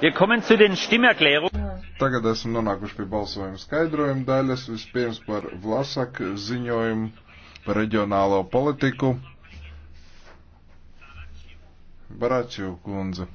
Tagad esam nonākuši pie balsojuma skaidrojuma daļas. Vispirms par Vlasak ziņojumu par reģionālo politiku. Baračiju kundze.